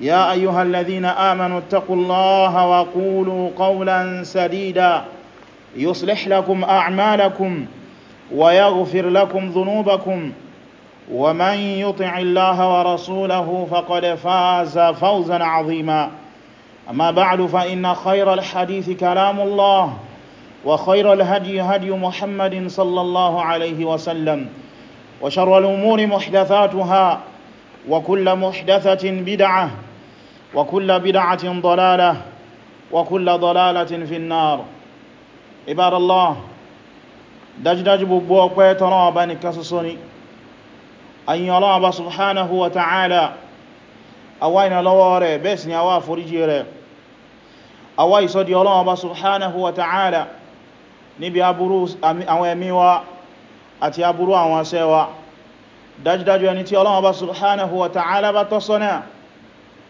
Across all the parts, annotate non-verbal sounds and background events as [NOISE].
يا أيها الذين آمنوا اتقوا الله وقولوا قولا سديدا يصلح لكم أعمالكم ويغفر لكم ذنوبكم ومن يطع الله ورسوله فقد فاز فوزا عظيما أما بعد فإن خير الحديث كلام الله وخير الهدي هدي محمد صلى الله عليه وسلم وشر الأمور محدثاتها وكل محدثة بدعة وكل بدعة ضلالة وكل ضلالة في النار عباد الله dájúdájú gbogbo ọpẹ́ tọ́nà ọba nìkan ṣoṣo ni ayin Ọlọ́run Ọba subhanahu wa ta'ala àwa ìrànlọ́wọ́ rẹ̀ bẹ́ẹ̀ sì ni àwa àforíjì rẹ̀ àwa ìsọ́dí Ọlọ́run Ọba subhanahu wa ta'ala níbi aburú àwọn ẹ̀mí wa àti aburú àwọn aṣẹ́ wa dájúdájú ẹni tí Ọlọ́run Ọba subhanahu wa ta'ala bá tọ́ sọ́nà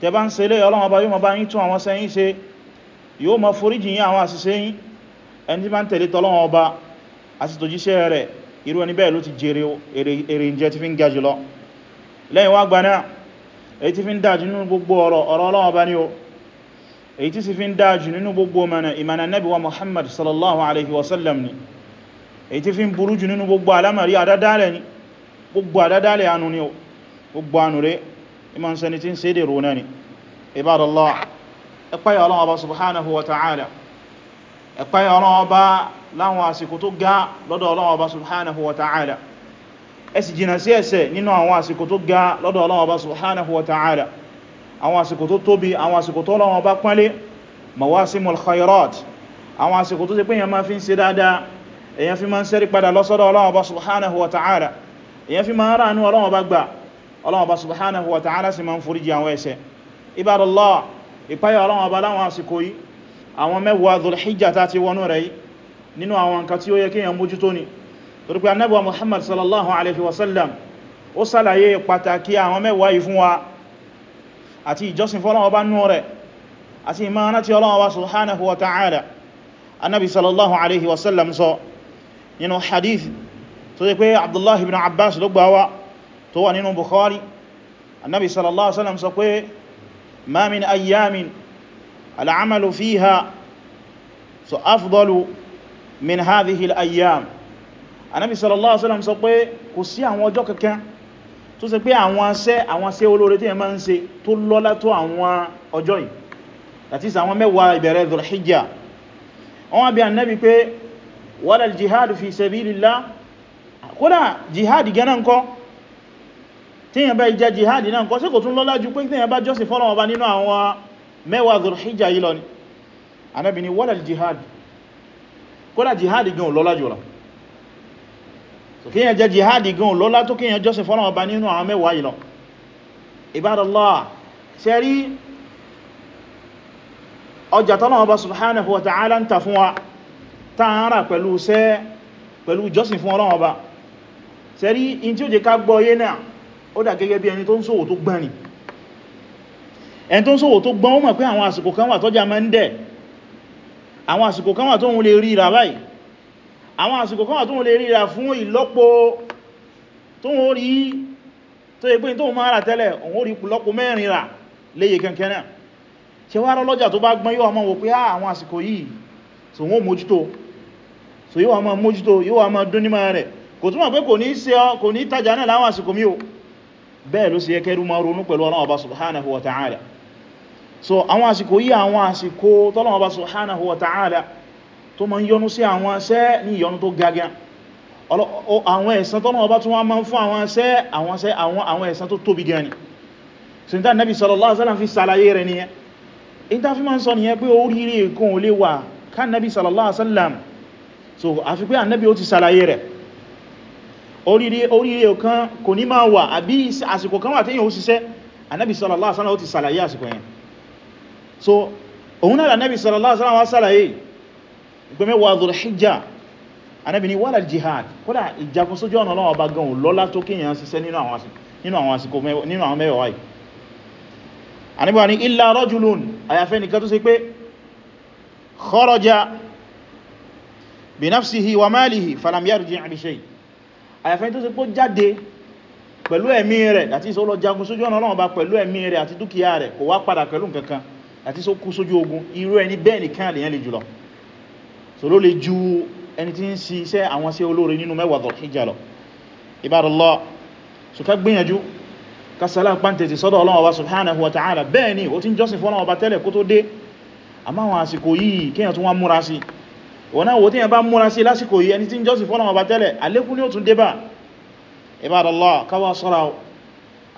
tẹ bá ń ṣe lé Ọlọ́run Ọba yóò ma bá yín tún àwọn sẹ́yìn ṣe yóò ma foríjì yín àwọn àṣìṣe yín ẹni tí bá ń tẹ̀lé tọ́lọ́run Ọba àti tòjíṣẹ́ rẹ̀ irú ẹni bẹ́ẹ̀ ló ti jèrè èrè ìjẹ tí fi ń ga jùlọ lẹ́yìn wá gbaná èyí tí fi ń dájú nínú gbogbo ọ̀rọ̀ ìmọ̀ sẹni tí ń ṣe dèrò náà ni ibadallah ẹ páyà Ọlọ́run Ọba subhanahu wa ta'ala ẹ páyà Ọlọ́run Ọba láwọn àsìkò tó ga lọ́dọ̀ Ọlọ́run Ọba subhanahu wa ta'ala ẹ sì jìnà sí ẹ̀ṣẹ̀ nínú àwọn àsìkò tó ga lọ́dọ̀ Ọlọ́run Ọba subhanahu wa ta'ala àwọn àsìkò tó tóbi àwọn àsìkò tó Ọlọ́run Ọba pánlé mawasimul khairat àwọn àsìkò tó ṣe pé èyàn fi ń ṣe dáadáa èyàn fi máa ń sẹ́rí padà lọ́sọ́dọ̀ Ọlọ́run Ọba subhanahu wa ta'ala èyàn fi máa ń ránú Ọlọ́run Ọba gbà Ọlọ́run Ọba subhanahu wa ta'ala sì máa ń foríjì àwọn ẹ̀ṣẹ̀ ibadallah ìpáyà Ọlọ́run Ọba láwọn àsìkò yìí àwọn mẹ́wàá Dhul-Hijjah tá ti wọnú rẹ̀ yìí nínú àwọn nǹkan tí ó yẹ kíyàn mójútó ni torípé Ànábì wa Muhammad sallallahu alaihi wasallam ó sàlàyé pàtàkì àwọn mẹ́wàá yìí fún wa àti ìjọsìn fọ́lọ́run Ọba nú rẹ̀ àti ìmọ̀ràn tó wà nínú bukhari annabi sallallahu alaihi wasallam sọ pé ma min ayyamin al'amalu fiha so afdalu min hadhihi al'ayyam annabi sallallahu alaihi wasallam sọ pé kò sí àwọn ọjọ́ kankan tó ṣe pé àwọn ṣẹ́ àwọn ṣẹ́ olóore tí ẹ máa ń ṣe tó lọ́lá tó àwọn ọjọ́ yìí that is mẹ́wàá ìbẹ̀rẹ̀ dhulhijjah wọ́n bí annabi pé wala al jihad fi sabilillah kódà jihad gẹ́nà ń tíyàn bá ìjẹ́ jihad náà kọ́ sí kò tún lọ́lá ju pé tíyàn bá jọ́sìn fọ́lọ́wọ́ bá nínú àwọn mẹ́wàá zulhijja yìí lọ ni anábi ni wala jihad kódà jihad gan lọ́lá jùlọ so kíyàn jẹ́ jihad gan lọ́lá tó kíyàn jọ́sìn fọ́lọ́wọ́ bá nínú àwọn mẹ́wàá yìí lọ ibadallah ṣe rí ọjà tọ́lọ́wọ́ bá subhanahu wa ta'ala ń ta fún in tí ó jẹ ká gbọ́ yé náà ó dà gẹ́gẹ́ bí ẹni tó ń ṣòwò tó gbọ́n ni ẹni tó ń ṣòwò tó gbọ́n ó mọ̀ pé àwọn àsìkò kan wà tọ́jà máa ń dẹ̀ àwọn àsìkò kan wà tó ń lè rí ìrà báyìí àwọn àsìkò kan wà tó ń lè rí ìrà fún ìlọ́po tó ń rí tó yẹ pé tó ń máa rà tẹ́lẹ̀ òun ó rí lọ́po mẹ́rin rà léye kẹ́kẹ́ náà ṣe wá rọ́lọ́jà tó bá gbọ́n yóò mọ̀ wò pé ah, àwọn àsìkò yìí so wọ́n mójútó so yóò wá mójútó yóò wá dún ní máa rẹ̀ kò túnmọ̀ pé kò ní tajà náà láwọn àsìkò mi o bẹ́ẹ̀ ló sì yẹ kẹ́rù máa ronú pẹ̀lú Ọlọ́run Ọba subhanahu so àwọn àsìkò yí àwọn àsìkò tọ́lọ́run Ọba subhanahu wa ta'ala tó ma ń yọnú sí àwọn iṣẹ́ ní ìyọnú tó gaga àwọn ẹ̀san tọ́lọ́run Ọba tún wá máa ń fún àwọn iṣẹ́ àwọn iṣẹ́ àwọn ẹ̀san tó tóbi gan ni so so àfi pé Ànábì ó ti oríire kan kò ní máa wà àbí àsìkò kan wà téèyàn ó ṣiṣẹ́ anábi sallallahu alaihi wasallam ó ti sàlàyé àsìkò yẹn so òun náà anábi sallallahu alaihi wasallam wá sàlàyé gbẹmẹ́wàá Dhul-Hijjah anábi ni wala jihad kódà ìjagun sójú ọ̀nà Ọlọ́run ọba gan lọ́lá tó kíyàn ṣiṣẹ́ nínú àwọn àsìkò nínú àwọn mẹ́wàá yìí anábi wà ní illa rajulun àyàfẹ́ nìkan tó ṣe pé kharaja bi nafsihi wa malihi falam yarji' bi àyàfẹ́ tó ṣe pó jáde pẹ̀lú ẹ̀mí rẹ̀ àti ìsọ́ lọ jagun sójú ọ̀nà Ọlọ́run bá pẹ̀lú ẹ̀mí rẹ̀ àti dúkìá rẹ̀ kò wá padà pẹ̀lú nǹkankan àti só kú sójú ogun irú ẹni bẹ́ẹ̀ nìkan lèyàn lè jùlọ so ló lè ju ẹni tí ń si iṣẹ́ àwọn sí olóore nínú mẹ́wàá Dhul-Hijjah lọ so ká gbìyànjú ká sálà pàǹtẹ̀tì sọ́dọ̀ Ọlọ́run wa subhanahu wa ta'ala bẹ́ẹ̀ ni ó ti ń jọ́sìn fún Ọlọ́run ọba tẹ́lẹ̀ kó tó dé àmáwọn wọ́n náà wò tí yẹn bá múra sí lásìkò yìí ẹni tí ń jọ́sìn fọ́lọ̀wọ̀ bá tẹ́lẹ̀ àlékún ní ó tún débà ibadallah káwà sọ́ra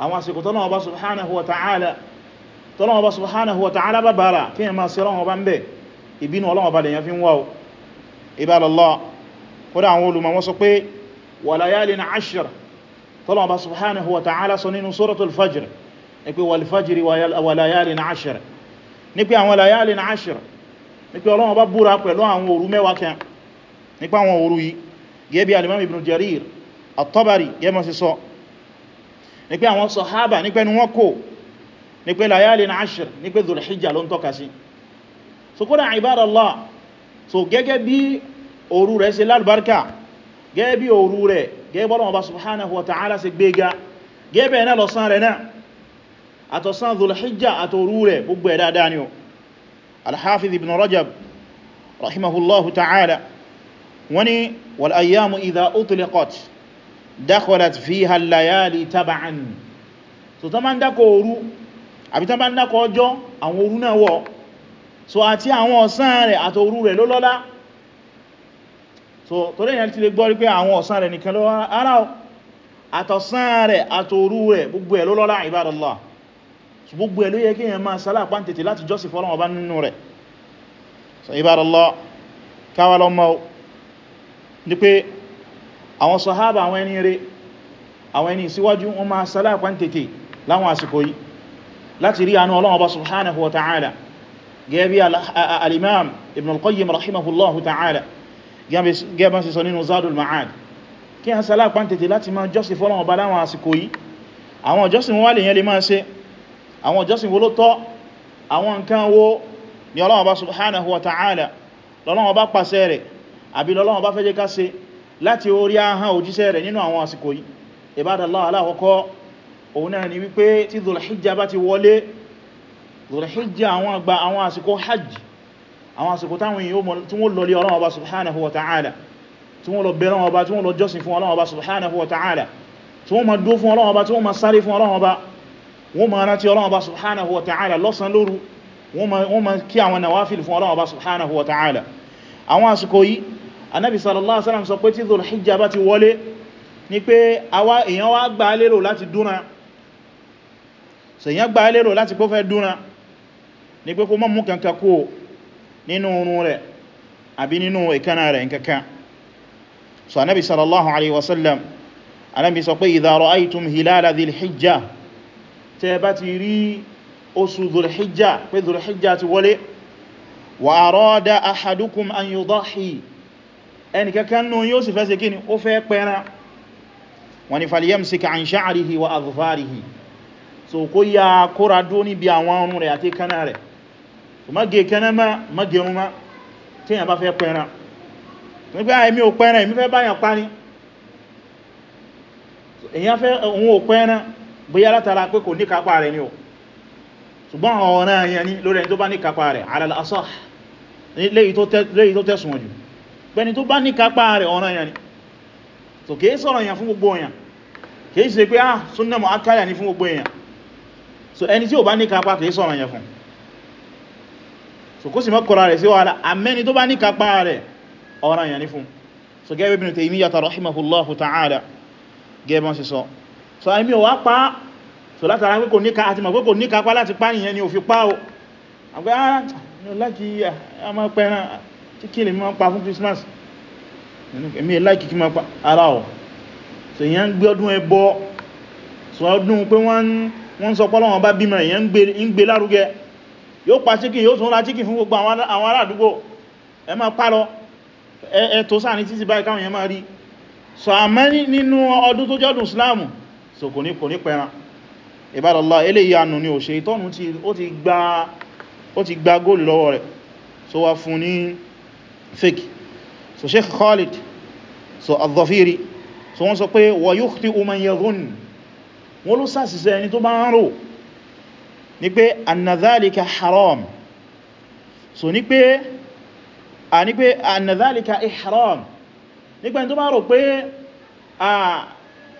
àwọn àsìkò tọ́lọ̀wọ̀ bá subhanahu wa ta'ala tọ́lọ̀wọ̀ bá subhanahu wa ta'ala bára kí yẹn máa sí ọlọ́wọ̀ bá ń bẹ̀ ìbínú ọlọ́wọ̀ bá nípa Ọlọ́run bá búra pẹ̀lú àwọn òru mẹ́wàá kan nípa àwọn òru yìí gẹ́bí alimam ibn jarir at-tabari gẹ́mọ́ sí sọ nípa àwọn sahaba nípa ẹnu wọn kò nípa layalin ashr nípa zulhijja ló ń tọ́ka sí so kódà ibadallah so gẹ́gẹ́ bí òru rẹ̀ ṣe lálbarka gẹ́gẹ́ bí òru rẹ̀ gẹ́gẹ́ bí Ọlọ́run bá subhanahu náà àtọ̀sán zulhijja àtòru rẹ̀ gbogbo ẹ̀ dáadáa al-Hafiz ibn Rajab rahimahullahu ta'ala wani wal ayyamu idha utliqat dakhalat fiha al-layali tab'an so ta ma ń dákọ̀ òru àbí ta ma ń dákọ̀ ọjọ́ àwọn òru náà wọ̀ so àti àwọn ọ̀sán rẹ̀ àti òru rẹ̀ ló lọ́lá so torí ìyẹn ti lè gbọ́ rí pé àwọn ọ̀sán rẹ̀ nìkan ló ara àtọ̀sán rẹ̀ àtòru rẹ̀ gbogbo ẹ̀ ló lọ́lá ibadallah so gbogbo ẹ̀ ló yẹ kí èyàn máa sálà pàntètè láti jọ́sìn fọ́lọ́wọ́ bá nínú rẹ̀ so ibadallah káwà lọ mọ́ ní pé àwọn sàhábà àwọn ẹni rẹ̀ àwọn ẹni síwájú wọn máa sálà pàntètè láwọn àsìkò yìí láti rí àánú Ọlọ́run Ọba subhanahu wa ta'ala gẹ́bí al-imam ibn al-qayyim rahimahullahu ta'ala gẹ́bá sí sọ nínú zadul àwọn ìjọsìn wo ló tọ́ àwọn nǹkan wo ni Ọlọ́run bá subhanahu wa ta'ala lọ́lọ́run bá pàṣẹ rẹ̀ àbí lọ́lọ́run bá fẹ́ jẹ́ ká ṣe láti orí ahán òjíṣẹ́ rẹ̀ nínú àwọn àsìkò yìí Ibadallah alákọ́kọ́ òun náà ni wípé tí Dhul-Hijjah bá ti wọlé Dhul-Hijjah àwọn àgbà àwọn àsìkò hajj àwọn àsìkò táwọn èèyàn tí wọ́n lọ lé Ọlọ́run bá subhanahu wa ta'ala tí wọ́n lọ ma dó fún Ọlọ́run bá tí wọ́n ma sáré fún Ọlọ́run bá wọ́n ma rántí Ọlọ́run Ọba subhanahu wa ta'ala lọ́sàn lóru wọ́n ma kí àwọn nawafil fún Ọlọ́run Ọba subhanahu wa ta'ala àwọn àsìkò yìí anábi sallallahu alaihi wasallam sọ pé tí Dhul-Hijjah bá ti wọlé ní pé èyàn wá gbà lérò láti dúnra so èyàn gbà lérò láti pọ́ fẹ́ dúnra ní pé kó mọ́ mú kankan kó anábi sọ pé idha ra'aytum hilala Dhil-Hijjah tẹ bá ti rí oṣù zulhijjá pé zulhijjá ti wọlé wa arada ahadukum an yudahi ẹnìkankan nù yóò sì fẹ́ ṣe kíni ó fẹ́ pẹ́ran wọ́n ni falyamsik an sha'rihi wa azfarihi so kó ya kóra dó níbi àwọn ọrùn rẹ̀ àti kaná rẹ̀ so má gẹ kaná má tí yàn bá fẹ́ pẹ́ran nígbà ẹ̀mí ah, ò pẹ́ran ẹ̀mí fẹ́ báyàn parí èyàn fẹ́ òun ò pẹ́ran bóyá látara pé kò ní rẹ̀ ni o ṣùgbọ́n ọ̀rọ̀ ẹ̀yẹn ni lórí ẹni tó bá ní kápá rẹ̀ alal asah léyìí tó tẹ̀sùn jù pẹ́ni tó bá ní kápá rẹ̀ ọ̀rọ̀ ẹ̀yẹn ni so kìí sọ̀rọ̀ èyàn fún gbogbo èyàn kìí ṣe pé ah súnnà mọ̀ akáyà ní fún gbogbo èyàn so ẹni tí ò bá ní kápá kìí sọ̀rọ̀ èyàn fún so kó sì mọ́ kọ́ra rẹ̀ sí wàhálà àmẹ́ni tó bá ní kápá rẹ̀ ọ̀rọ̀ èyàn ní fún so gẹ́gẹ́ bí Ibn Taymiyyah rahimahullahu ta'ala gẹ́gẹ́ bí wọ́n ṣe sọ so àìmí ò wá pa so látara pé kò níka àti mọ̀ pé kò pa láti pa nìyẹn ni ò fi pa o àgbẹ́ ah mi ò láìkí ah, a máa pẹran chicken lè pa fún Christmas Emi láìkí kí máa pa ara ọ̀ so ìyẹn ń gbé ọdún ẹbọ so ọdún pé wọ́n sọ pọ́lọ́wọ́n bá bímọ ìyẹn ń gbé lárugẹ yóò pa chicken yóò tún ra chicken fún gbogbo àwọn ará àdúgbò ẹ máa pa lọ ẹ tó sáà ní títí báyìí káwọn yẹn máa rí so àmẹ́ nínú ọdún tó jọ́dún Islamu so kò ní kò ní pẹran ìbádọ́lá eléyìí anù ni ò ṣe ìtọ́nù tí ó ti gba góòlù lọ́wọ́ rẹ̀ so wá fún ní fake so sheikh khalid so al-Dhafiri so wọ́n sọ pé wa yukhti'u man yadhun wọ́n ló sàṣìṣẹ́ ẹni tó bá ń rò ní pé anna haram so ní pé a ní pé anna tó bá rò pé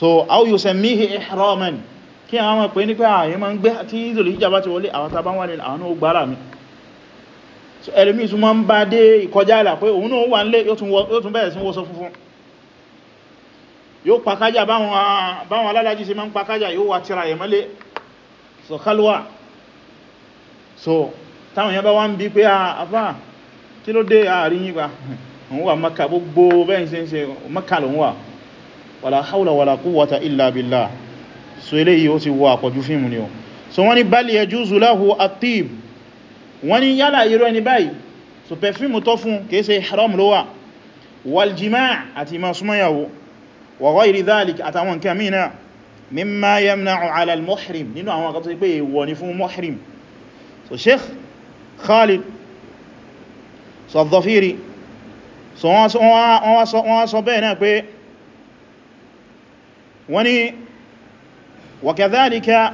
so aw yusammihi ihraman kí àwọn ọmọ pé ní pé ààyè ah, ma ń gbé tí ìzòlè hijab bá ti wọlé àwọn tàbá wà nílẹ̀ àwọn ó gbára mi so ẹlùmí tún ma ń bá dé ìkọjá àlà pé òun náà wà nílé yóò tún bẹ̀rẹ̀ sí wọ́sọ ba yóò pàkájà báwọn aládájí ṣe ma ń pàkájà yóò wà tíra ẹ̀mọ́lé so kálúwà so táwọn yẹn bá wá ń bí pé ah, àfá kí ló dé àárín ah, yípa [LAUGHS] òun wà maka gbogbo bẹ́ẹ̀ wàlá haula wàlá quwwata illa billah so eléyìí ó ti wọ àpọ̀jú fíìmù ni o so wọ́n ni bal yajuzu lahu at-tib wọ́n ni yálà irú ẹni báyìí so pẹ̀fíìmù tó fún kìí ṣe haram ló wà wal jima' àti ma súnmọ́yàwó wa ghayri dhalik àtàwọn nǹkan mìíràn mimma yamna'u 'ala al-muhrim nínú àwọn akọ́ tó pé èèwọ̀ ni fún muhrim so sheikh khalid so al so wọ́n wá sọ bẹ́ẹ̀ náà pé wani wakadhalika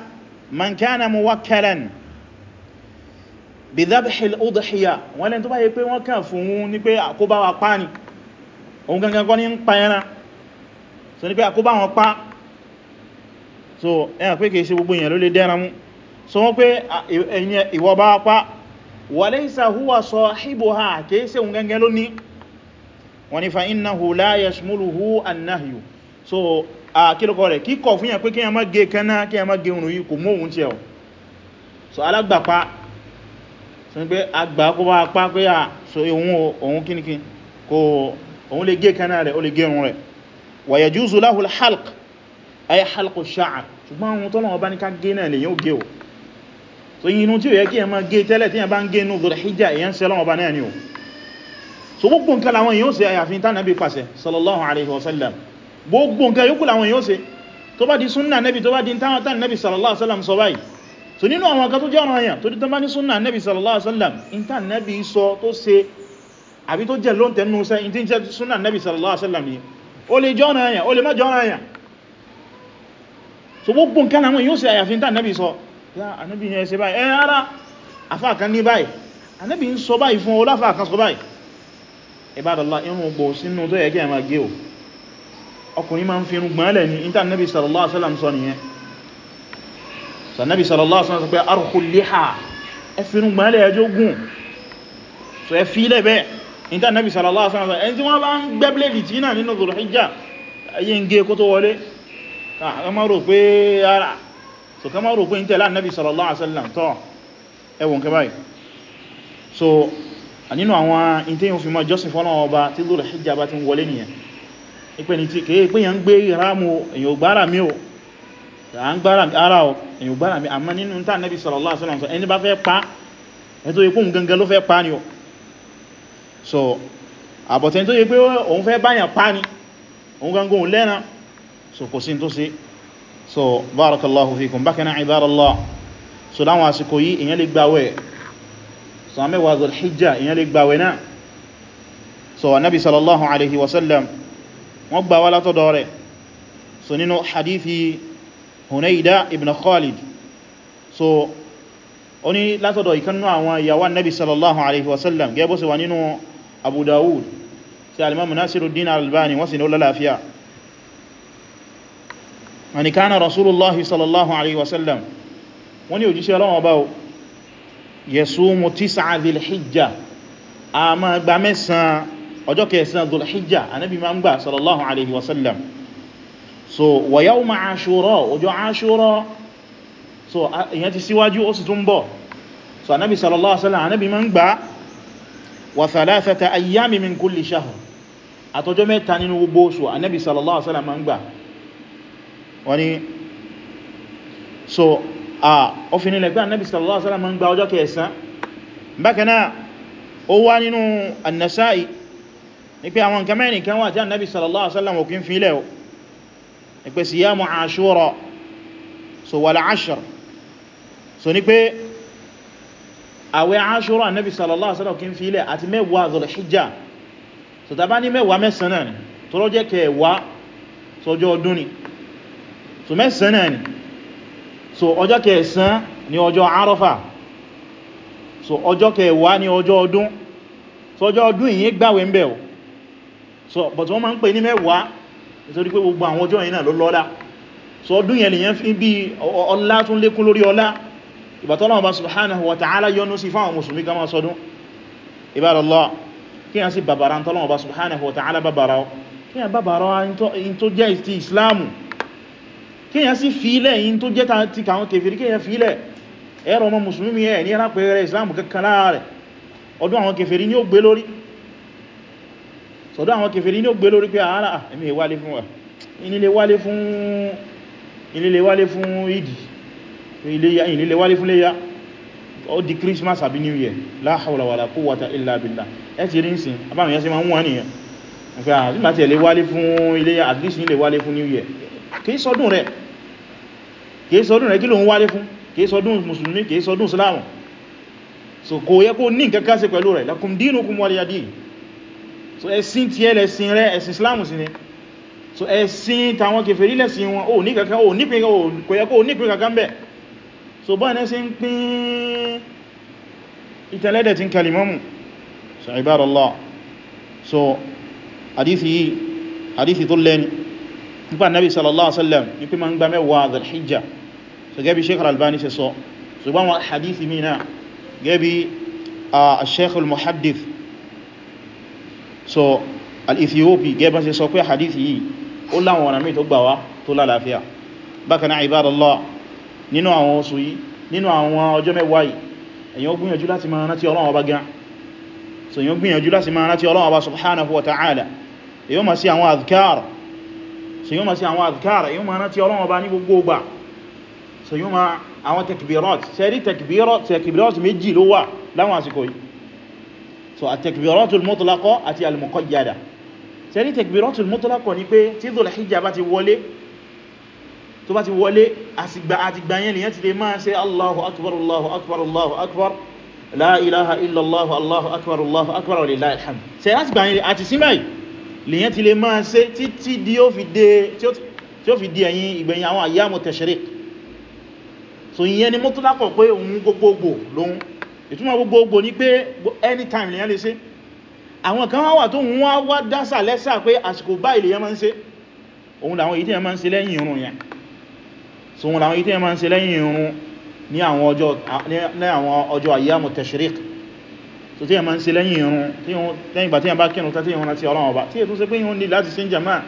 man kana muwakkalan bi dhabhil udhiya wọ́n lẹ́n tó bá yẹ pé wọ́n kàn fún ní pé àkóbá wa pa ní ohun gangan kọ́ ní ń pa ẹran so ní pé àkóbá wọn pa so ẹ̀yà pé kìí ṣe gbogbo èèyàn ló lè dẹ́ran mú so wọ́n pé ìwọ bá pa walaysa huwa sahibuha kìí ṣe ohun gangan ló ní wọ́n fa innahu la yashmuluhu annahyu so àkílùkọ ah, rẹ̀ kíkọ̀ fún yàn pé kí yàn má gé kẹ́nà kí yàn má gé irun yìí kò mọ́ òun tí ẹ̀ so alágbàpá so ní pé agbà kó bá pá pé à ah, so ohun ohun kíníkín kò ohun lè gé kẹ́nà rẹ̀ o lè gé irun rẹ̀ wa gbogbo nǹkan làwọn èyàn ó ṣe tánàbí pàṣẹ sallallahu alaihi wasallam gbogbo nǹkan yóò kúlà àwọn èèyàn ṣe tó bá di súnnà nẹ́bì tó bá di tán nẹ́bì sallallahu alaihi wasallam báyìí so nínú àwọn nǹkan tó jẹ́ ọ̀rọ̀ àyàn tó dí bá ní súnnà nẹ́bì sallallahu alaihi wasallam ìntàn nẹ́bì sọ tó ṣe àbí tó jẹ́ lóǹtẹ̀ nínú sẹ́ ìntí jẹ́ súnnà sallallahu alaihi wasallam ni ó lè jẹ́ ọ̀rọ̀ àyàn ó so gbogbo nǹkan àwọn èèyàn ṣe àyàfi ìntàn nẹ́bì ya ànábì yẹn ṣe báyìí ẹ ara àfáà kan ní báyìí ànábì ń sọ báyìí fún ọláfáà kan sọ báyìí ibadallah irun gbò sínú tó yẹ kí ẹ máa gé o ọkùnrin ma ń fi irùngbọ̀n ẹlẹ̀ ní ìta nabi sallallahu alaihi wasallam sọ nìyẹn sa nabi sallallahu alaihi wasallam sọ pé arhul liha ẹ fi irùngbọ̀n ẹlẹ̀ ẹjọ́ gùn so ẹ fi ilẹ̀ bẹ́ẹ̀ ìta nabi sallallahu alaihi wasallam ẹni tí wọ́n bá ń gbẹ́blẹ̀ lìtì náà nínú Dhul-Hijjah ayé ń gé kó tó wọlé kàmárò pé ara so kàmárò pé ń tẹ̀lá nabi sallallahu alaihi wasallam tọ́ ìpé ní tí kèé pé yàn ń gbé ìrámù èyàn gbára mi ò ara ò èyàn gbára Nabi sallallahu alaihi wasallam ẹni bá fẹ́ pa ẹni tó yẹ kún so àbọ̀tẹ́ tó yẹ pé òun fẹ́ báyàn pa ni òun gangan òun lẹ́ran so kò sí tó sí so barakallahu fikum bákaná ibadallah so láwọn àsìkò yìí èyàn lè gbàwẹ̀ so àmẹ́wàá Dhul Hijjah èyàn lè gbàwẹ̀ náà so Nabi sallallahu alaihi wasallam wọ́n gbà wá látọ̀dọ̀ rẹ̀ so nínú hadithi Hunayda ibn Khalid so ó ní látọ̀dọ̀ ìkannu àwọn ìyàwó annabi sallallahu alaihi wasallam gẹ́bọ́ sí wa nínú Abu Dawud sí alimamu Nasiruddin Albani wọ́n sì ní ó lálàáfíà wani kana rasulullahi sallallahu alaihi wasallam wani òjíṣẹ́ ọlọ́wọ́ bá o yasumu tis'a dhil hijja a ọjọ́ kẹsàn dhul-hijjá anábi ma ń gbà sallallahu alaihi wasallam so wa yawma ashura ọjọ́ ashura so ìyẹn ti síwájú ó sì tún bọ̀ so anábi sallallahu alaihi wasallam anábi ma ń gbà wa thalathata ayyami min kulli shahr àtọjọ́ mẹ́ta nínú gbogbo oṣù anábi sallallahu alaihi wasallam ma ń gbà wani so a ofinilẹ̀ pé anábi sallallahu alaihi ma ń gbà ọjọ́ kẹsàn bákanáà ó wá nínú an ní pé àwọn nǹkan mẹ́rin kan wà tí annabi sallallahu alaihi wasallam òkín fi ilẹ̀ o ní pé siyamu ashura so wal ashr so ní pé àwẹ̀ ashura annabi sallallahu alaihi wasallam òkín fi ilẹ̀ àti mẹ́wàá zulhijja so tàbá ní mẹ́wàá mẹ́sàn-án ni tó rọ́jẹ́ kẹwàá sọjọ́ ọdún ni so mẹ́sàn-án ni so ọjọ́ kẹsàn ni ọjọ́ arọ́fà so ọjọ́ kẹwàá ọdún sọjọ́ ọdún ń bẹ̀ so but wọ́n máa ń pè ní mẹ́wàá nítorí pé gbogbo àwọn ọjọ́ yìí náà ló lọ́lá so ọdún yẹn lèyàn fi bí ọlá tún lékún lórí ọlá ìbàtọ́lọ́wọ́ bá subhanahu wa ta'ala yọ́nú sí fáwọn musulmi kama sọdún ibadallah kí a sí bàbára tọ́lọ́wọ́ bá subhanahu wa ta'ala bàbára kí a bàbára in tó jẹ́ ti islamu kí a sí fílẹ̀ in tó jẹ́ ti kàwọn kèfèrí kí a fílẹ̀ ẹ̀rọ ọmọ musulmi ẹ̀ ní ẹ̀rá pẹ̀rẹ̀ islamu kankan láàrẹ̀ ọdún àwọn kèfèrí ni ó gbé lórí sọ̀dọ̀ àwọn kèfèrí ní ó gbé lórí pé àárá ah, ẹ̀mí ìwálé fún wa ìnílé wálé fún ìdí ìnílé wálé fún léyá ó di Christmas àbí New Year la hawla wala quwwata illa billah ẹ ti rí ń sin abáwọn yẹn sí ma ń wọ́n nìyàn nfẹ́ àdínlá ti ẹ̀lé wálé fún iléyá at least nílé wálé fún New so kò yẹ kó ní nǹkan kan pẹ̀lú rẹ̀ lakum dinukum waliyadin so ẹ̀sìn tí ẹlẹ́sìn rẹ ẹ̀sìn islamu sí ni so ẹ̀sìn tàwọn kèfèrí lẹ́sìn wọn ò ní kankan ò nípin kò yẹ kó ò nípin kankan bẹ̀ so bọ́n ẹ̀sìn ń pín ìtẹ̀lẹ́dẹ̀ tí ń kalimọ́mù so ibadallah so hadithi hadithi tó lẹ́ni nípa nabi sallallahu alaihi wasallam ní pé ma ń so gẹ́bi sheikh al-albani so gbọ́n wọn hadithi mi náà gẹ́bi a ah, sheikh al so al-Ethiopi gẹ́bẹ́ ṣe sọ pé hadith yìí ó láwọn ọ̀nà mìí tó gbà wá tó lálàáfíà bákan náà ibadallah nínú àwọn oṣù yìí nínú àwọn ọjọ́ mẹ́wàá èyàn gbìyànjú láti máa rántí Ọlọ́run Ọba so èyàn gbìyànjú láti máa rántí Ọlọ́run Ọba subhanahu wa ta'ala èyàn máa sí àwọn adhkar so èyàn máa sí àwọn adhkar èyàn máa rántí Ọlọ́run Ọba ní gbogbo gbà so èyàn máa àwọn takbirat sẹ́rí takbirat méjì ló wà láwọn so àtẹ̀kbìrọ́tul mutlaqah àti al-muqayyada ṣe ní tẹ̀kbìrọ́tul mutlaqah ní pé tí Dhul Hijjah bá ti wọlé tó bá ti wọlé àsìgbà àtìgbà yẹn nìyẹn ti lè máa ṣe Allahu akbar Allahu akbar Allahu akbar la ilaha illallah Allahu akbar Allahu akbar wa lillahi alhamd ṣe àtìgbà yẹn àti símẹ̀ lèyẹn ti lè máa ṣe títí tí ó fi dé ẹ̀yìn ìgbẹ̀yìn àwọn ayyamu tashriq so ìyẹn ni mutlaqah pé òun gbogbogbò lóhun ìtumọ̀ gbogbogbò ní pé anytime lèyàn lè ṣe àwọn kan wà tó wọ́n wá dásà lẹ́sà pé àsìkò báyìí lèyàn máa ń ṣe òun làwọn èyí tí yẹn máa ń ṣe lẹ́yìn irun yẹn so òun làwọn èyí tí yẹn máa ń ṣe lẹ́yìn irun ní àwọn ọjọ́ àyàmù tashriq so tí yẹn máa ń ṣe lẹ́yìn irun lẹ́yìn ìgbà tí yẹn bá kírun tàbí ìrun láti Ọlọ́run ọba tí yẹn tún ṣe pé yíò ní láti ṣe ń jàmáà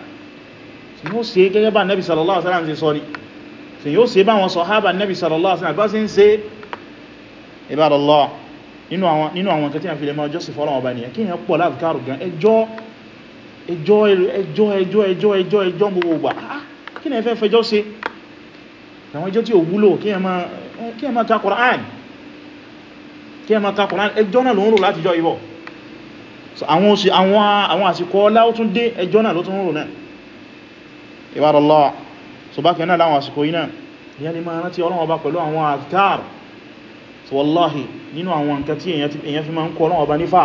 yóò ṣe gẹ́gẹ́ bá nẹ́bì sallallahu alaihi wasallam ṣe sọ ni yóò ṣe bá wọn sàhábà nẹ́bì sallallahu alaihi wasallam bá ṣe ń ṣe Ibadallah nínú àwọn nínú àwọn nǹkan tí a fi lè máa jọ́sìn fọ́lọ́run ọba nìyẹn kí èyàn pọ̀ láàfikàrù gan ẹjọ́ ẹjọ́ ẹjọ́ ẹjọ́ ẹjọ́ ẹjọ́ ẹjọ́ gbogbo gbà ah, ah, kí ni ẹ fẹ́ fẹjọ́ ṣe àwọn ẹjọ́ tí ò máa Qur'an kí ẹ máa Qur'an ẹjọ́ náà ló ń rò látijọ́ ìwọ̀ àwọn àsìkò ọlá ó tún dé ẹjọ́ náà ló tún rò náà Ibadallah so bákan náà láwọn àsìkò yìí náà ìyá ni máa rántí Ọlọ́run ọba pẹ̀lú àwọn àfikàrù so wallahi nínú àwọn nǹkan tí èyàn fi ma ń kọ́lọ̀ ọba nífà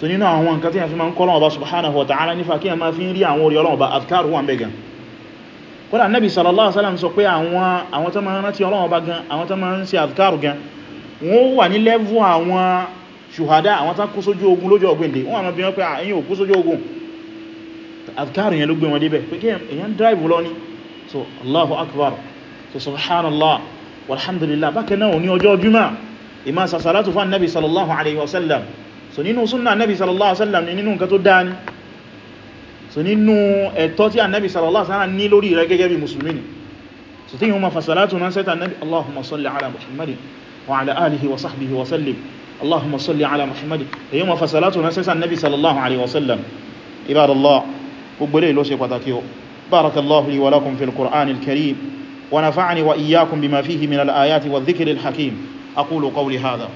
so nínú àwọn nǹkan tí èyàn fi ma ń kọ́lọ̀ ọba subhanahu wa ta'ala nífà kí a ma fi ń rí àwọn orí Ọlọ́run ọba afkaru wa mẹ́gan kódà nabi sallallahu alaihi wasallam sọ pé àwọn tó ma ń rántí Ọlọ́run ọba gan àwọn tó ma ń ṣe afkaru gan wọ́n wà ní level àwọn ṣùhádá àwọn tó kú sójú ogun lójú ọgbẹ̀ndẹ̀ wọ́n àmọ́ bí wọ́n pé àyíyàn òkú sójú ogun afkaru yẹn ló gbé walhamdulillah bákan náà ní ọjọ́ juma ìmá sàsàlátù fún annabi sallallahu alaihi wasallam so nínú súnnà annabi sallallahu alaihi wasallam nínú nǹkan tó dáa ni so nínú ẹ̀tọ́ tí annabi sallallahu alaihi wasallam ní lórí rẹ̀ gẹ́gẹ́ bí musulmi ni so tí yíò ma fasalatu nan sẹ́ta annabi allahumma salli ala muhammadin wa ala alihi wa sahbihi wa sallim allahumma salli ala muhammadin èyí ma fasalatu nan sẹ́ta ونفعني وإياكم بما فيه من الآيات والذكر الحكيم أقول قولي هذا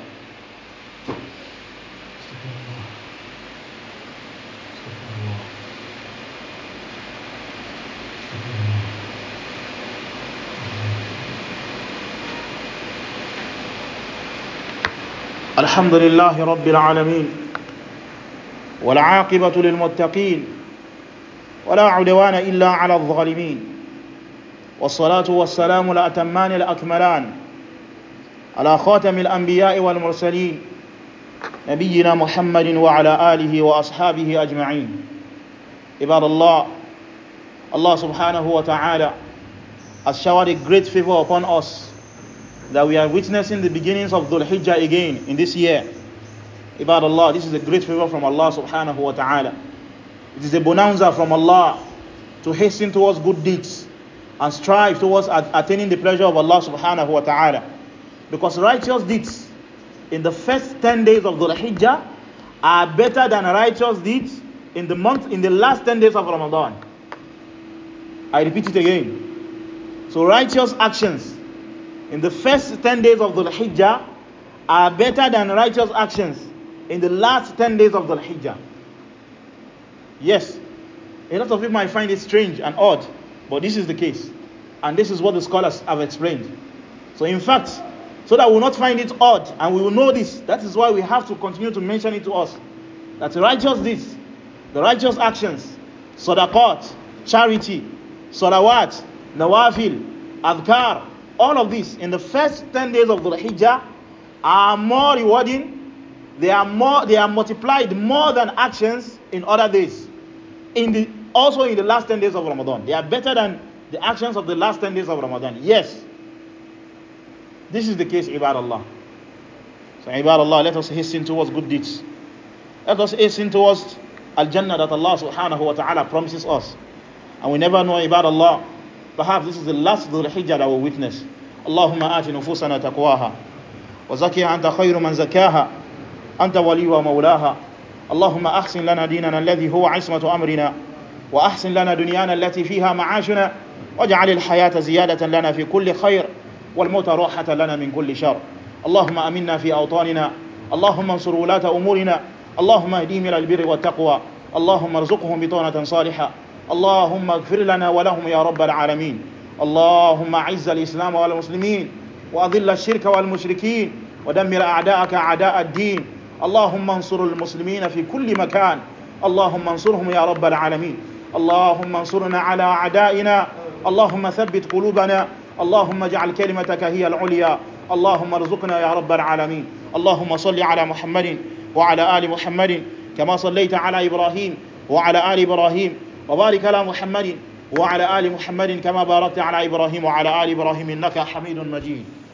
الحمد لله رب العالمين والعاقبة للمتقين ولا عدوان إلا على الظالمين والصلاة والسلام الأتمان الأكملان على خاتم الأنبياء والمرسلين نبينا محمد وعلى آله وأصحابه أجمعين عباد الله الله سبحانه وتعالى has showered a great favor upon us that we are witnessing the beginnings of Dhul Hijjah again in this year. Ibad Allah, this is a great favor from Allah subhanahu wa ta'ala. It is a bonanza from Allah to hasten towards good deeds and strive towards attaining the pleasure of Allah subhanahu wa ta'ala. Because righteous deeds in the first 10 days of Dhul Hijjah are better than righteous deeds in the month in the last 10 days of Ramadan. I repeat it again. So righteous actions in the first 10 days of Dhul Hijjah are better than righteous actions in the last 10 days of Dhul Hijjah. Yes, a lot of people might find it strange and odd But this is the case. And this is what the scholars have explained. So, in fact, so that we will not find it odd and we will know this, that is why we have to continue to mention it to us. That righteous deeds, the righteous actions, sadaqat, charity, salawat, nawafil, adhkar, all of these in the first 10 days of the Hijjah are more rewarding. They are more they are multiplied more than actions in other days. In the also in the last 10 days of Ramadan. They are better than the actions of the last 10 days of Ramadan. Yes. This is the case, Allah. So, Allah, let us hasten towards good deeds. Let us hasten towards Al Jannah that Allah subhanahu wa ta'ala promises us. And we never know, Allah. perhaps this is the last Dhul Hijjah that we witness. Allahumma اللهم آت نفوسنا تقواها وزكها أنت خير من زكاها أنت ولي ومولاها اللهم أحسن لنا ديننا الذي هو عصمة أمرنا وأحسن لنا دنيانا التي فيها معاشنا واجعل الحياة زيادة لنا في كل خير والموت راحة لنا من كل شر اللهم أمنا في أوطاننا اللهم انصر ولاة أمورنا اللهم اهديهم إلى البر والتقوى اللهم ارزقهم بطانة صالحة اللهم اغفر لنا ولهم يا رب العالمين اللهم عز الإسلام والمسلمين وأذل الشرك والمشركين ودمر أعداءك أعداء الدين اللهم انصر المسلمين في كل مكان اللهم انصرهم يا رب العالمين اللهم انصرنا على أعدائنا اللهم ثبت قلوبنا اللهم اجعل كلمتك هي العليا اللهم ارزقنا يا رب العالمين اللهم صل على محمد وعلى آل محمد كما صليت على إبراهيم وعلى آل إبراهيم وبارك على محمد وعلى آل محمد كما باركت على إبراهيم وعلى آل إبراهيم إنك حميد مجيد